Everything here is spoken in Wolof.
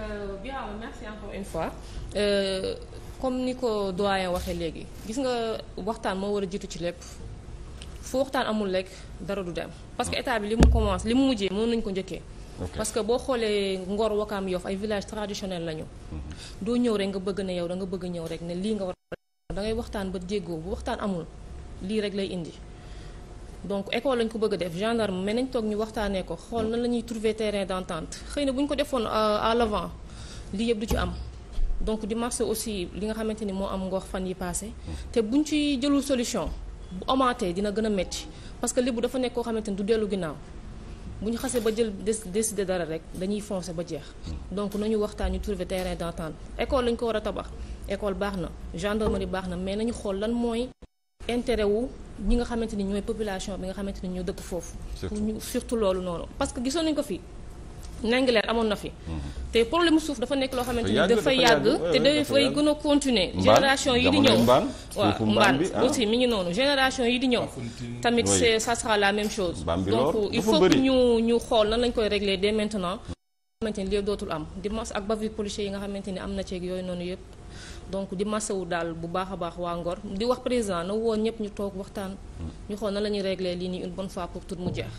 Euh, Birama merci encore une fois euh, comme ni ko doyen waxee léegi gis nga waxtaan moo war jiitu ci lépp foo waxtaan amul lekk dara du dem parce que ah. état bi li mu commence li mu mujjee mën nañ ko njëkkee parce que boo xoolee Ngor Wakaam Yoff ay village traditionnel lañu mhm. doo ñëw rek nga bëgg na yow da nga bëgg ñëw rek ne lii nga war da ngay waxtaan ba déggoo bu waxtaan amul lii rek lay indi donc école lañ ko bëgg a def gendarme mais nañ toog ñu waxtaanee ko xool nan la ñuy trouver terrain d'entente xëy na buñ ko defoon euh, à l'avant lii yëpp du ci am donc di marché aussi li nga xamante ni moo am ngoox fan yi passé te bu buñ ci jëlul solution bu amaatee dina gën a métti parce que li dafa nekk koo xamante ni du dellu ginnaaw bu ñu xasee ba jël décider dara rek dañuy foncer ba jeex donc nañu waxtaan ñu trouver terrain d'entente école lañ ko war a tabax école baax na gendarmerie baax na mais nañu xool lan mooy intérêt wu ñi nga xamante ni ñooy population bi nga xamante ni ñoo dëkk foofu. surtout loolu noonu parce que gisoon nañu ko fi. Ndingler amoon na fi. Mm-hmm. te problème suuf dafa nekk loo xamante ni dafa yàgg te dafay gën a continuer. génération yi di ñëw waaw mbaan ah? aussi mi ngi noonu génération yi di ñëw. tamit c'est ça sera la même chose. donc il faut que ñu ñu xool nan lañ koy régler dès maintenant. xamante ni dootul am di mas ak bavure policier yi nga xamante ni am na ceeg yooyu noonu yëpp donc di masawu daal bu baax a baax waa Ngor di wax président na woon ñëpp ñu toog waxtaan ñu xool na la ñuy régler lii nii une bonne fois pour mu jeex